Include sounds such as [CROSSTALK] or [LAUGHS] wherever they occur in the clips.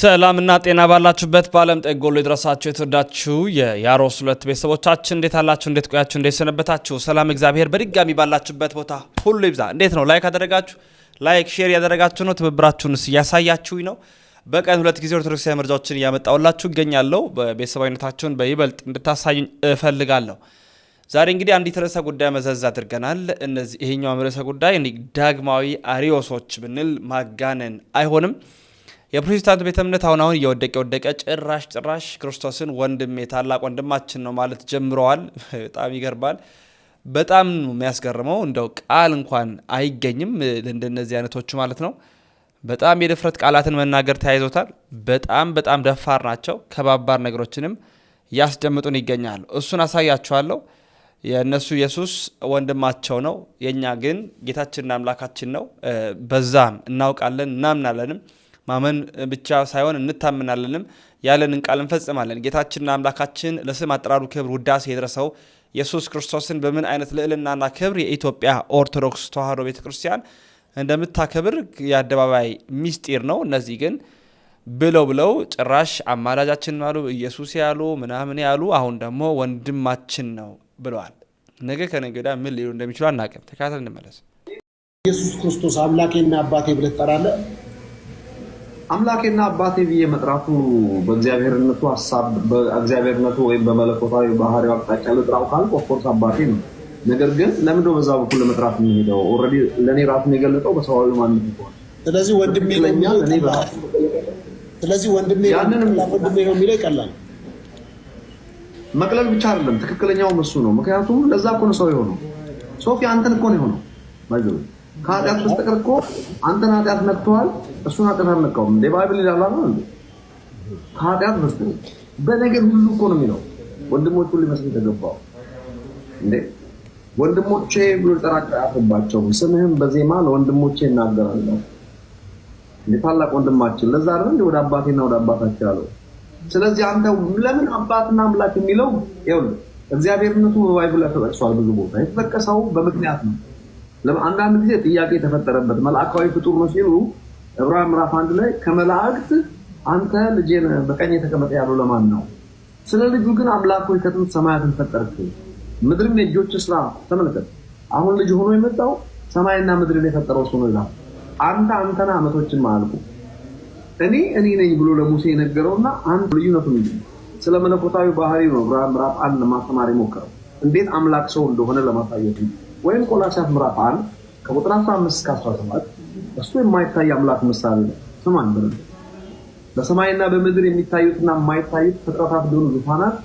ሰላምና ጤና ባላችሁበት በዓለም ጠጎሎ ሁሉ የተወዳችሁ የያሮስ ሁለት ቤተሰቦቻችን እንዴት አላችሁ? እንዴት ቆያችሁ? እንዴት ሰነበታችሁ? ሰላም እግዚአብሔር በድጋሚ ባላችሁበት ቦታ ሁሉ ይብዛ። እንዴት ነው? ላይክ አደረጋችሁ? ላይክ ሼር ያደረጋችሁ ነው? ትብብራችሁንስ እያሳያችሁኝ ነው? በቀን ሁለት ጊዜ ኦርቶዶክሳዊ መረጃዎችን እያመጣሁላችሁ እገኛለሁ። በቤተሰባዊነታችሁን በይበልጥ እንድታሳዩኝ እፈልጋለሁ። ዛሬ እንግዲህ አንዲት ርዕሰ ጉዳይ መዘዝ አድርገናል። እነዚህ ይሄኛውም ርዕሰ ጉዳይ ዳግማዊ አሪዮሶች ብንል ማጋነን አይሆንም። የፕሮቴስታንት ቤተ እምነት አሁን አሁን እየወደቀ የወደቀ ጭራሽ ጭራሽ ክርስቶስን ወንድሜ ታላቅ ወንድማችን ነው ማለት ጀምረዋል። [LAUGHS] በጣም ይገርማል። በጣም የሚያስገርመው እንደው ቃል እንኳን አይገኝም እንደነዚህ አይነቶቹ ማለት ነው። በጣም የድፍረት ቃላትን መናገር ተያይዞታል። በጣም በጣም ደፋር ናቸው። ከባባር ነገሮችንም ያስደምጡን ይገኛሉ። እሱን አሳያችኋለሁ። የእነሱ ኢየሱስ ወንድማቸው ነው፣ የእኛ ግን ጌታችንና አምላካችን ነው። በዛም እናውቃለን እናምናለንም። ማመን ብቻ ሳይሆን እንታምናለንም ያለንን ቃል እንፈጽማለን። ጌታችንና አምላካችን ለስም አጠራሩ ክብር ውዳሴ የደረሰው ኢየሱስ ክርስቶስን በምን አይነት ልዕልናና ክብር የኢትዮጵያ ኦርቶዶክስ ተዋሕዶ ቤተ ክርስቲያን እንደምታከብር የአደባባይ ሚስጢር ነው። እነዚህ ግን ብለው ብለው ጭራሽ አማላጃችን አሉ፣ ኢየሱስ ያሉ ምናምን ያሉ፣ አሁን ደግሞ ወንድማችን ነው ብለዋል። ነገ ከነገ ወዲያ ምን ሊሉ እንደሚችሉ አናውቅም። ተከታተል፣ እንመለስ። ኢየሱስ ክርስቶስ አምላኬና አባቴ ብለህ ትጠራለህ አምላኬና አባቴ ብዬ መጥራቱ በእግዚአብሔርነቱ ሀሳብ በእግዚአብሔርነቱ ወይም በመለኮታዊ ባህሪው አቅጣጫ ልጥራው ካልኩ ኦፍኮርስ አባቴ ነው። ነገር ግን ለምንድነው በዛ በኩል ለመጥራት የሚሄደው? ኦልሬዲ ለእኔ ራሱን የገለጠው በሰዋዊ ማንነት ይሆናል። ስለዚህ ወንድሜ ስለዚህ ወንድሜ ነው የሚለው ይቀላል። መቅለል ብቻ አይደለም፣ ትክክለኛው እሱ ነው። ምክንያቱም ለዛ እኮ ነው ሰው የሆነው። ሶፊ አንተን እኮ ነው የሆነው ከኃጢአት በስተቀር እኮ አንተን ኃጢአት ነክተዋል፣ እሱን ኃጢአት አልነካውም። እንደ ባይብል ይላል ነው እ ከኃጢአት በስተቀር በነገር ሁሉ እኮ ነው የሚለው። ወንድሞቹ ሊመስል የተገባው እንዴ? ወንድሞቼ ብሎ ጠራቅ አያፍርባቸው። ስምህም በዜማ ለወንድሞቼ እናገራለሁ። እንደ ታላቅ ወንድማችን ለዛ አይደል እንደ ወደ አባቴና ወደ አባታቸው ያለው። ስለዚህ አንተ ለምን አባትና አምላክ የሚለው ይኸውልህ፣ እግዚአብሔርነቱ በባይብል ላይ ተጠቅሷል ብዙ ቦታ። የተጠቀሰው በምክንያት ነው አንዳንድ ጊዜ ጥያቄ የተፈጠረበት መልአካዊ ፍጡር ነው ሲሉ ዕብራውያን ምዕራፍ አንድ ላይ ከመላእክት አንተ ልጄ በቀኝ የተቀመጠ ያሉ ለማን ነው? ስለ ልጁ ግን አምላክ ሆይ ከጥንት ሰማያትን ፈጠርክ፣ ምድርም የእጆች ስራ ተመልከት። አሁን ልጅ ሆኖ የመጣው ሰማይና ምድርን የፈጠረው እሱ ነው ይላል። አንተ አንተና ዓመቶችን ማልቁ እኔ እኔ ነኝ ብሎ ለሙሴ የነገረውና አንድ ልዩነቱ ምንድን ስለ መለኮታዊ ባህሪ ነው ዕብራውያን ምዕራፍ አንድ ለማስተማር የሞከረው እንዴት አምላክ ሰው እንደሆነ ለማሳየት ነው። ወይም ቆላሲያስ ምዕራፍ አንድ ከቁጥር 15 እስከ 17 እሱ የማይታይ አምላክ ምሳሌ ነው። ስማን ብለን በሰማይና በምድር የሚታዩትና የማይታዩት ፍጥረታት ቢሆኑ ዙፋናት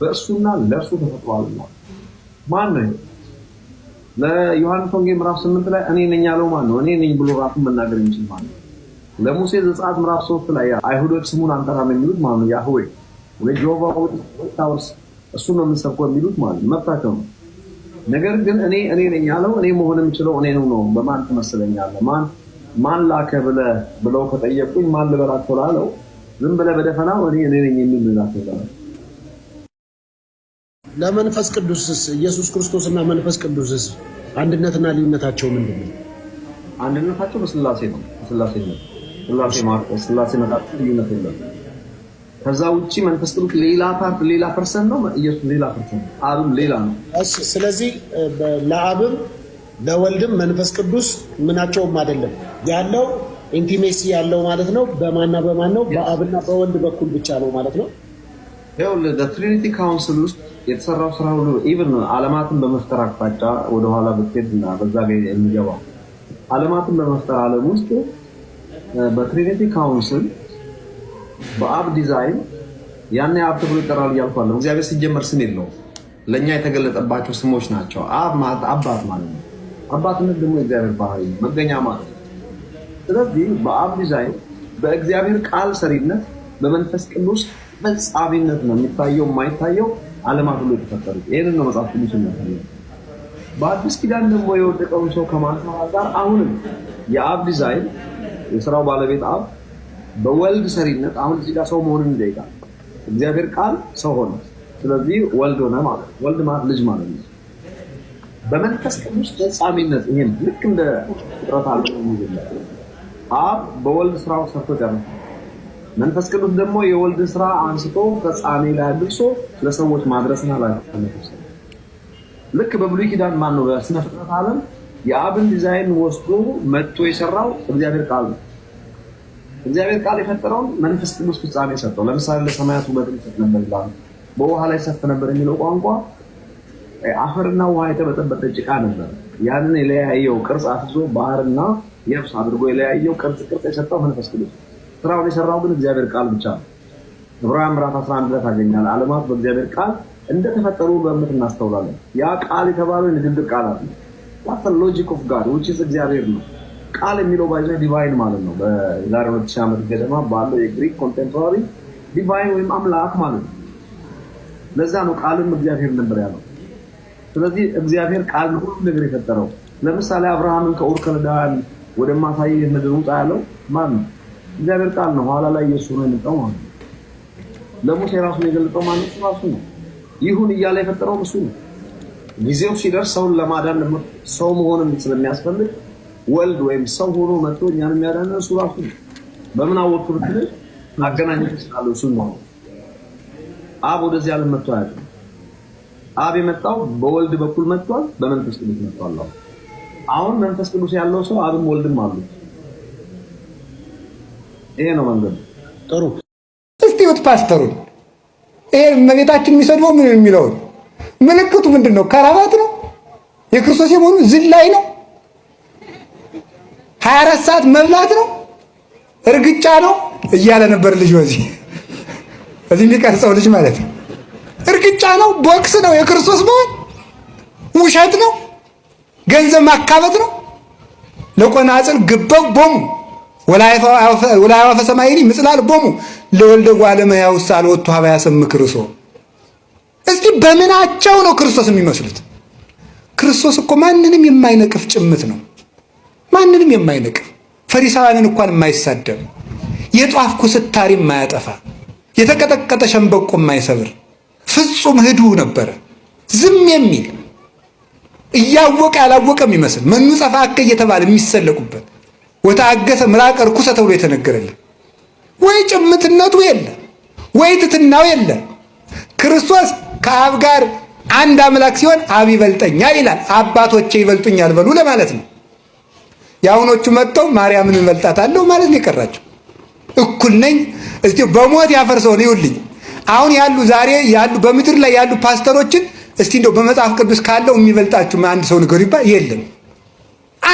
በእሱና ለእሱ ተፈጥሯልና። ማን ነው? ለዮሐንስ ወንጌል ምዕራፍ 8 ላይ እኔ ነኝ ያለው ማን ነው? እኔ ነኝ ብሎ ራሱ መናገር የሚችል ማን ነው? ለሙሴ ዘጸአት ምዕራፍ 3 ላይ አይሁዶች ስሙን አንጠራም የሚሉት ማን ነው? ያህዌ ወይ ጆቫ ታውስ እሱ ነው የምንሰብከው የሚሉት ማለት ነው። መብታቸው ነው። ነገር ግን እኔ እኔ ነኝ ያለው እኔ መሆን የምችለው እኔ ነው ነው። በማን ትመስለኛለህ? ማን ማን ላከ ብለህ ብለው ከጠየቁኝ ማን ልበላቸው ላለው ዝም ብለ በደፈናው እኔ እኔ ነኝ የሚል ልላቸው ለመንፈስ ቅዱስስ ኢየሱስ ክርስቶስ እና መንፈስ ቅዱስስ አንድነትና ልዩነታቸው ምንድን ነው? አንድነታቸው በስላሴ ነው። ስላሴ ነው። ስላሴ ማርቆስ ስላሴ መጣ ልዩነት የለም። ከዛ ውጭ መንፈስ ቅዱስ ሌላ ፓርት ሌላ ፐርሰን ነው። ኢየሱስ ሌላ ፐርሰን ነው። አብም ሌላ ነው። ስለዚህ ለአብም ለወልድም መንፈስ ቅዱስ ምናቸውም አይደለም ያለው ኢንቲሜሲ ያለው ማለት ነው። በማና በማን ነው? በአብና በወልድ በኩል ብቻ ነው ማለት ነው። ትሪኒቲ ካውንስል ውስጥ የተሰራው ስራ ሁሉ ኢቨን አለማትን በመፍጠር አቅጣጫ ወደኋላ ብትሄድ እና በዛ የሚገባ አለማትን በመፍጠር አለም ውስጥ በትሪኒቲ ካውንስል በአብ ዲዛይን ያን አብ ተብሎ ይጠራል እያልኩ አለው። እግዚአብሔር ሲጀመር ስም የለውም። ለእኛ የተገለጠባቸው ስሞች ናቸው። አብ ማለት አባት ማለት ነው። አባትነት ደግሞ የእግዚአብሔር ባህሪ መገኛ ማለት ነው። ስለዚህ በአብ ዲዛይን በእግዚአብሔር ቃል ሰሪነት በመንፈስ ቅዱስ ፈጻሚነት ነው የሚታየው የማይታየው አለማት ሁሉ የተፈጠሩት። ይህንን ነው መጽሐፍ ቅዱስ የሚያሳየው። በአዲስ ኪዳን ደግሞ የወደቀውን ሰው ከማንሳት አንጻር አሁንም የአብ ዲዛይን የስራው ባለቤት አብ በወልድ ሰሪነት አሁን እዚህ ጋር ሰው መሆንን ይጠይቃል። እግዚአብሔር ቃል ሰው ሆነ፣ ስለዚህ ወልድ ሆነ ማለት ወልድ ማለት ልጅ ማለት ነው። በመንፈስ ቅዱስ ተጻሚነት ይሄን ልክ እንደ ፍጥረት አለ አብ በወልድ ስራው ሰርቶ ጨርሷል። መንፈስ ቅዱስ ደግሞ የወልድ ስራ አንስቶ ፈጻሜ ላይ አድርሶ ለሰዎች ማድረስና ላይ ልክ በብሉይ ኪዳን ማን ነው በስነ ፍጥረት የአብን ዲዛይን ወስዶ መጥቶ የሰራው እግዚአብሔር ቃል ነው። እግዚአብሔር ቃል የፈጠረውን መንፈስ ቅዱስ ፍጻሜ ሰጠው። ለምሳሌ ለሰማያት ውበትን ይሰጥ ነበር ይላሉ። በውሃ ላይ ሰፍ ነበር የሚለው ቋንቋ አፈርና ውሃ የተበጠበጠ ጭቃ ነበር። ያንን የለያየው ቅርጽ አፍዞ ባህርና የብስ አድርጎ የለያየው ቅርጽ ቅርጽ የሰጠው መንፈስ ቅዱስ። ስራውን የሰራው ግን እግዚአብሔር ቃል ብቻ ነው። ዕብራውያን ምዕራፍ 11 ላይ ታገኛለህ። ዓለማት በእግዚአብሔር ቃል እንደተፈጠሩ በእምነት እናስተውላለን። ያ ቃል የተባለው የንግግር ቃላት ነው። ሎጂክ ኦፍ ጋድ ውጭ እግዚአብሔር ነው። ቃል የሚለው ባይዞ ዲቫይን ማለት ነው። በዛሬ ሁለት ሺህ ዓመት ገደማ ባለው የግሪክ ኮንቴምፖራሪ ዲቫይን ወይም አምላክ ማለት ነው። ለዛ ነው ቃልም እግዚአብሔር ነበር ያለው። ስለዚህ እግዚአብሔር ቃል ሁሉ ነገር የፈጠረው። ለምሳሌ አብርሃምን ከኡር ከለዳውያን ወደማሳይ ምድር ውጣ ያለው ማን ነው? እግዚአብሔር ቃል ነው። ኋላ ላይ ኢየሱስ ነው የመጣው ማለት ነው። ለሙሴ ራሱ የገለጠው ማለት ራሱ ነው። ይሁን እያለ የፈጠረው እሱ ነው። ጊዜው ሲደርስ ሰውን ለማዳን ሰው መሆንም ስለሚያስፈልግ ወልድ ወይም ሰው ሆኖ መጥቶ እኛን የሚያዳነ እሱ ራሱ በምን አወቅ ብትል አገናኘት ይችላሉ። እሱ ነው አብ ወደዚህ ዓለም መጥቶ አያውቅም። አብ የመጣው በወልድ በኩል መጥቷል፣ በመንፈስ ቅዱስ መጥቷል። አሁን መንፈስ ቅዱስ ያለው ሰው አብም ወልድም አሉት። ይሄ ነው መንገዱ። ጥሩ እስቲ ውት ፓስተሩን ይሄ መቤታችን የሚሰድበው ምን የሚለውን ምልክቱ ምንድን ነው? ከራባት ነው የክርስቶስ የመሆኑ ዝላይ ነው 24 ሰዓት መብላት ነው እርግጫ ነው እያለ ነበር ልጅ በዚህ እዚህ የሚቀርጸው ልጅ ማለት ነው። እርግጫ ነው፣ ቦክስ ነው፣ የክርስቶስ መሆን ውሸት ነው፣ ገንዘብ ማካበት ነው። ለቆናጽል ግበው ቦሙ ወላይ አዋፈ ሰማይኒ ምጽላል ቦሙ ለወልደ እጓለ እመሕያው ሳልወቱ ሀበ ያሰምክ ክርሶ። እስቲ በምናቸው ነው ክርስቶስ የሚመስሉት? ክርስቶስ እኮ ማንንም የማይነቅፍ ጭምት ነው። ማንንም የማይንቅ ፈሪሳውያንን እንኳን የማይሳደብ የጧፍ ኩስታሪ የማያጠፋ የተቀጠቀጠ ሸንበቆ የማይሰብር ፍጹም ህዱ ነበረ። ዝም የሚል እያወቀ ያላወቀ የሚመስል መኑ አከ እየተባለ የሚሰለቁበት ወታገሰ ምራቀ ርኩሰ ተብሎ የተነገረልን ወይ ጭምትነቱ የለ ወይ ትትናው የለ። ክርስቶስ ከአብ ጋር አንድ አምላክ ሲሆን አብ ይበልጠኛል ይላል። አባቶቼ ይበልጡኛል በሉ ለማለት ነው። የአሁኖቹ መጥተው ማርያምን እመልጣታለሁ ማለት ነው የቀራቸው። እኩል ነኝ እስቲ በሞት ያፈርሰውን ይውልኝ። አሁን ያሉ ዛሬ ያሉ በምድር ላይ ያሉ ፓስተሮችን እስቲ እንደው በመጽሐፍ ቅዱስ ካለው የሚበልጣችሁ አንድ ሰው ንገሩ ይባል የለም።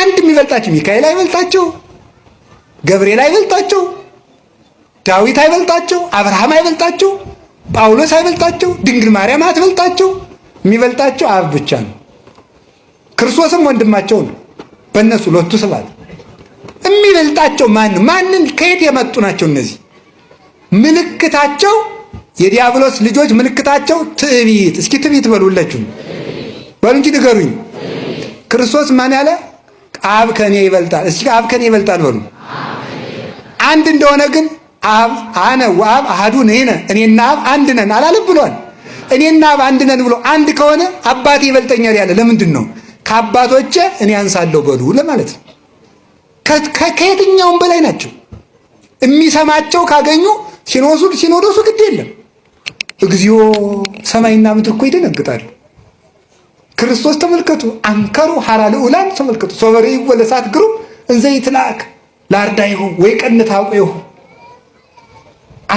አንድ የሚበልጣችሁ ሚካኤል አይበልጣቸው፣ ገብርኤል አይበልጣቸው፣ ዳዊት አይበልጣቸው፣ አብርሃም አይበልጣቸው፣ ጳውሎስ አይበልጣቸው፣ ድንግል ማርያም አትበልጣቸው። የሚበልጣቸው አብ ብቻ ነው። ክርስቶስም ወንድማቸው ነው። በእነሱ ሁለቱ ሰባት የሚበልጣቸው ማን ማንን ከየት የመጡ ናቸው እነዚህ? ምልክታቸው የዲያብሎስ ልጆች ምልክታቸው ትዕቢት። እስኪ ትዕቢት በሉለች በሉ እንጂ ንገሩኝ። ክርስቶስ ማን ያለ አብ ከኔ ይበልጣል። እስኪ አብ ከኔ ይበልጣል በሉ። አንድ እንደሆነ ግን አብ አነ ወአብ አህዱ ንሕነ፣ እኔና አብ አንድ ነን አላለም ብሏል። እኔና አብ አንድ ነን ብሎ አንድ ከሆነ አባቴ ይበልጠኛል ያለ ለምንድን ነው? ከአባቶቼ እኔ አንሳለሁ በሉ ለማለት ነው። ከየትኛውም በላይ ናቸው። የሚሰማቸው ካገኙ ሲኖሱ ሲኖዶሱ ግድ የለም። እግዚኦ ሰማይና ምድር እኮ ይደነግጣሉ። ክርስቶስ ተመልከቱ፣ አንከሩ ሐራ ልዑላን ተመልከቱ። ሶበሬ ወለሳት ግሩም እንዘይት ላክ ይሁ ወይ ቀንት ይሁ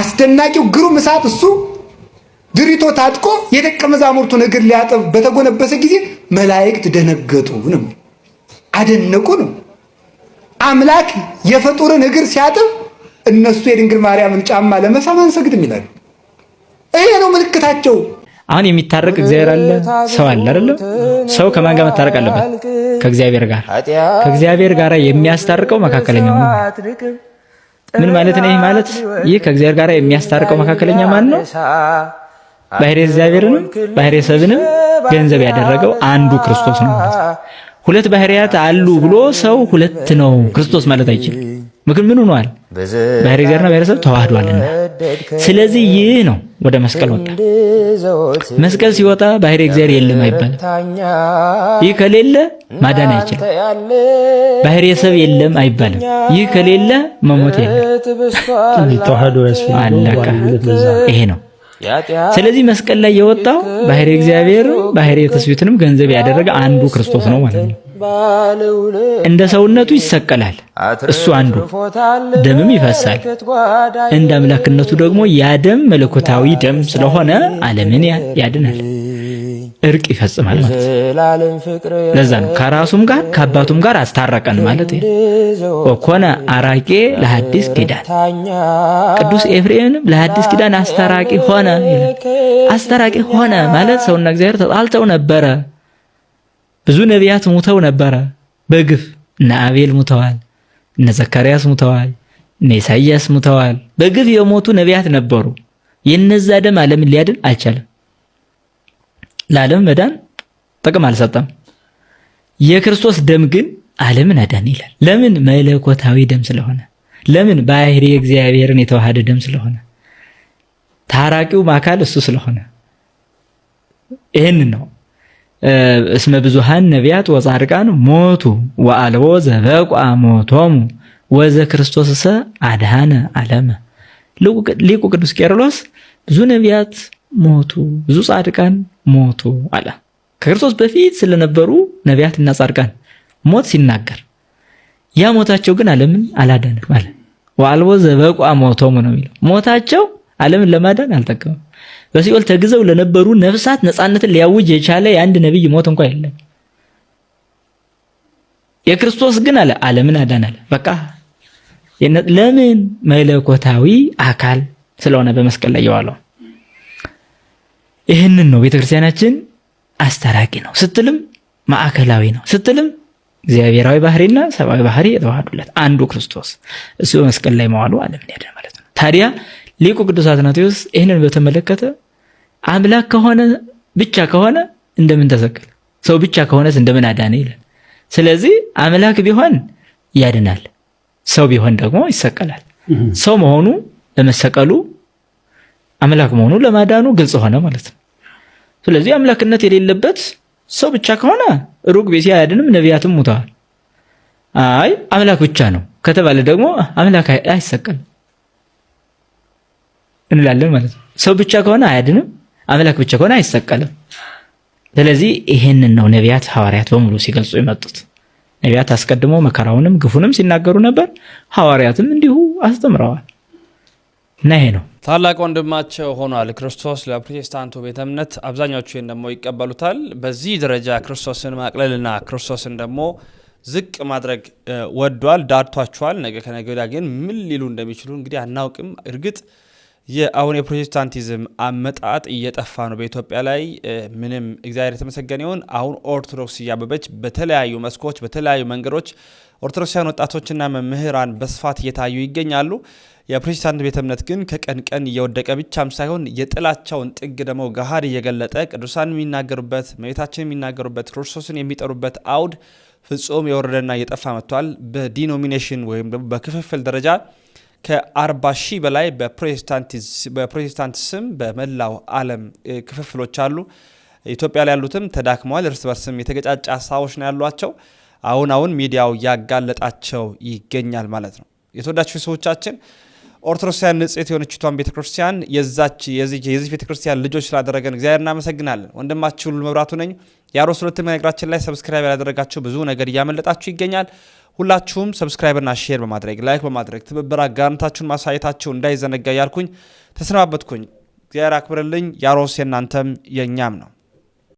አስደናቂው ግሩም እሳት እሱ ድሪቶ ታጥቆ የደቀ መዛሙርቱን እግር ሊያጥብ በተጎነበሰ ጊዜ መላእክት ደነገጡ ነው፣ አደነቁ ነው። አምላክ የፍጡርን እግር ሲያጥብ እነሱ የድንግል ማርያምን ጫማ ለመሳም አንሰግድም ይላሉ። ይሄ ነው ምልክታቸው። አሁን የሚታረቅ እግዚአብሔር አለ፣ ሰው አለ አይደለም። ሰው ከማን ጋር መታረቅ አለበት? ከእግዚአብሔር ጋር። ከእግዚአብሔር ጋር የሚያስታርቀው መካከለኛው ነው። ምን ማለት ነው? ይህ ማለት ይህ ከእግዚአብሔር ጋር የሚያስታርቀው መካከለኛ ማን ነው? ባህሬ እግዚአብሔርንም ባህሬ ሰብንም ገንዘብ ያደረገው አንዱ ክርስቶስ ነው ማለት ነው። ሁለት ባህሪያት አሉ ብሎ ሰው ሁለት ነው ክርስቶስ ማለት አይችልም። ምክንያቱም ምን ሆኗል? ባህሪ እግዚአብሔርና ባህሪ ሰብ ተዋህዷልና። ስለዚህ ይህ ነው ወደ መስቀል ወጣ። መስቀል ሲወጣ ባህሪ እግዚአብሔር የለም አይባልም። ይህ ከሌለ ማዳን አይችልም። ባህሪ ሰብ የለም አይባልም። ይህ ከሌለ መሞት የለም። ተዋህዶ ያስፈልጋል። ይሄ ነው ስለዚህ መስቀል ላይ የወጣው ባህሪ እግዚአብሔር ባህሪ ትስብእትንም ገንዘብ ያደረገ አንዱ ክርስቶስ ነው ማለት ነው። እንደ ሰውነቱ ይሰቀላል እሱ አንዱ፣ ደምም ይፈሳል። እንደ አምላክነቱ ደግሞ ያ ደም መለኮታዊ ደም ስለሆነ ዓለምን ያድናል። እርቅ ይፈጽማል ማለት ለዛ ነው ከራሱም ጋር ከአባቱም ጋር አስታረቀን ማለት ኮነ አራቄ ለሐዲስ ኪዳን ቅዱስ ኤፍሬምም ለሐዲስ ኪዳን አስታራቂ ሆነ አስታራቂ ሆነ ማለት ሰውና እግዚአብሔር ተጣልተው ነበረ ብዙ ነቢያት ሙተው ነበረ በግፍ እነ አቤል ሙተዋል እነ ዘካርያስ ሙተዋል እነ ኢሳይያስ ሙተዋል በግፍ የሞቱ ነቢያት ነበሩ የነዛ ደም ዓለምን ሊያድን አልቻለም ለዓለም መዳን ጥቅም አልሰጠም። የክርስቶስ ደም ግን ዓለምን አዳን ይላል። ለምን? መለኮታዊ ደም ስለሆነ። ለምን? ባህሪ እግዚአብሔርን የተዋሃደ ደም ስለሆነ። ታራቂውም አካል እሱ ስለሆነ ይህን ነው እስመ ብዙሃን ነቢያት ወጻድቃን ሞቱ ወአልቦ ዘበቋ ሞቶሙ ወዘ ክርስቶስ ሰ አድሃነ ዓለመ። ሊቁ ቅዱስ ቄርሎስ ብዙ ነቢያት ሞቱ፣ ብዙ ጻድቃን ሞቱ አለ። ከክርስቶስ በፊት ስለነበሩ ነቢያትና ጻድቃን ሞት ሲናገር ያ ሞታቸው ግን ዓለምን አላዳንም አለ። ወአልቦ ዘበቋ ሞቶሙ ነው የሚለው። ሞታቸው ዓለምን ለማዳን አልጠቀምም። በሲኦል ተግዘው ለነበሩ ነፍሳት ነፃነትን ሊያውጅ የቻለ የአንድ ነቢይ ሞት እንኳ የለም። የክርስቶስ ግን አለ ዓለምን አዳን አለ። በቃ ለምን መለኮታዊ አካል ስለሆነ በመስቀል ላይ የዋለው ይህንን ነው ቤተክርስቲያናችን አስታራቂ ነው ስትልም ማዕከላዊ ነው ስትልም እግዚአብሔራዊ ባህሪና ሰብአዊ ባህሪ የተዋሃዱለት አንዱ ክርስቶስ እሱ በመስቀል ላይ መዋሉ ዓለምን ያድን ማለት ነው። ታዲያ ሊቁ ቅዱስ አትናቴዎስ ይህንን በተመለከተ አምላክ ከሆነ ብቻ ከሆነ እንደምን ተሰቀለ፣ ሰው ብቻ ከሆነስ እንደምን አዳነ ይላል። ስለዚህ አምላክ ቢሆን ያድናል፣ ሰው ቢሆን ደግሞ ይሰቀላል። ሰው መሆኑ በመሰቀሉ አምላክ መሆኑ ለማዳኑ ግልጽ ሆነ ማለት ነው። ስለዚህ አምላክነት የሌለበት ሰው ብቻ ከሆነ ሩቅ ቤት አያድንም፣ ነቢያትም ሙተዋል። አይ አምላክ ብቻ ነው ከተባለ ደግሞ አምላክ አይሰቀልም እንላለን ማለት ነው። ሰው ብቻ ከሆነ አያድንም፣ አምላክ ብቻ ከሆነ አይሰቀልም። ስለዚህ ይሄንን ነው ነቢያት ሐዋርያት በሙሉ ሲገልጹ የመጡት። ነቢያት አስቀድሞ መከራውንም ግፉንም ሲናገሩ ነበር። ሐዋርያትም እንዲሁ አስተምረዋል እና ይሄ ነው ታላቅ ወንድማቸው ሆኗል ክርስቶስ ለፕሮቴስታንቱ ቤተ እምነት። አብዛኛዎቹ ይህን ደግሞ ይቀበሉታል። በዚህ ደረጃ ክርስቶስን ማቅለልና ክርስቶስን ደግሞ ዝቅ ማድረግ ወዷል። ዳርቷቸዋል። ነገ ከነገ ወዲያ ግን ምን ሊሉ እንደሚችሉ እንግዲህ አናውቅም። እርግጥ የአሁን የፕሮቴስታንቲዝም አመጣጥ እየጠፋ ነው በኢትዮጵያ ላይ ምንም። እግዚአብሔር የተመሰገነ ይሁን። አሁን ኦርቶዶክስ እያበበች በተለያዩ መስኮች በተለያዩ መንገዶች ኦርቶዶክሳውያን ወጣቶችና መምህራን በስፋት እየታዩ ይገኛሉ። የፕሮቴስታንት ቤተ እምነት ግን ከቀን ቀን እየወደቀ ብቻም ሳይሆን የጥላቻውን ጥግ ደግሞ ገሃድ እየገለጠ ቅዱሳን የሚናገሩበት መቤታችን የሚናገሩበት ክርስቶስን የሚጠሩበት አውድ ፍጹም የወረደና እየጠፋ መጥቷል። በዲኖሚኔሽን ወይም ደግሞ በክፍፍል ደረጃ ከአርባ ሺህ በላይ በፕሮቴስታንት ስም በመላው ዓለም ክፍፍሎች አሉ። ኢትዮጵያ ላይ ያሉትም ተዳክመዋል። እርስ በርስም የተገጫጫ ሀሳቦች ነው ያሏቸው። አሁን አሁን ሚዲያው ያጋለጣቸው ይገኛል ማለት ነው። የተወዳችሁ ሰዎቻችን ኦርቶዶክሳውያን ንጽሕት የሆነችቷን ቤተክርስቲያን የዛች የዚህ ቤተክርስቲያን ልጆች ስላደረገን እግዚአብሔር እናመሰግናለን። ወንድማችሁ ሉ መብራቱ ነኝ። የአሮስ ሁለት መነግራችን ላይ ሰብስክራይብ ያላደረጋችሁ ብዙ ነገር እያመለጣችሁ ይገኛል። ሁላችሁም ሰብስክራይብና ሼር በማድረግ ላይክ በማድረግ ትብብር አጋርነታችሁን ማሳየታችሁ እንዳይዘነጋ ያልኩኝ ተሰናበትኩኝ። እግዚአብሔር አክብርልኝ። ያሮስ የእናንተም የእኛም ነው።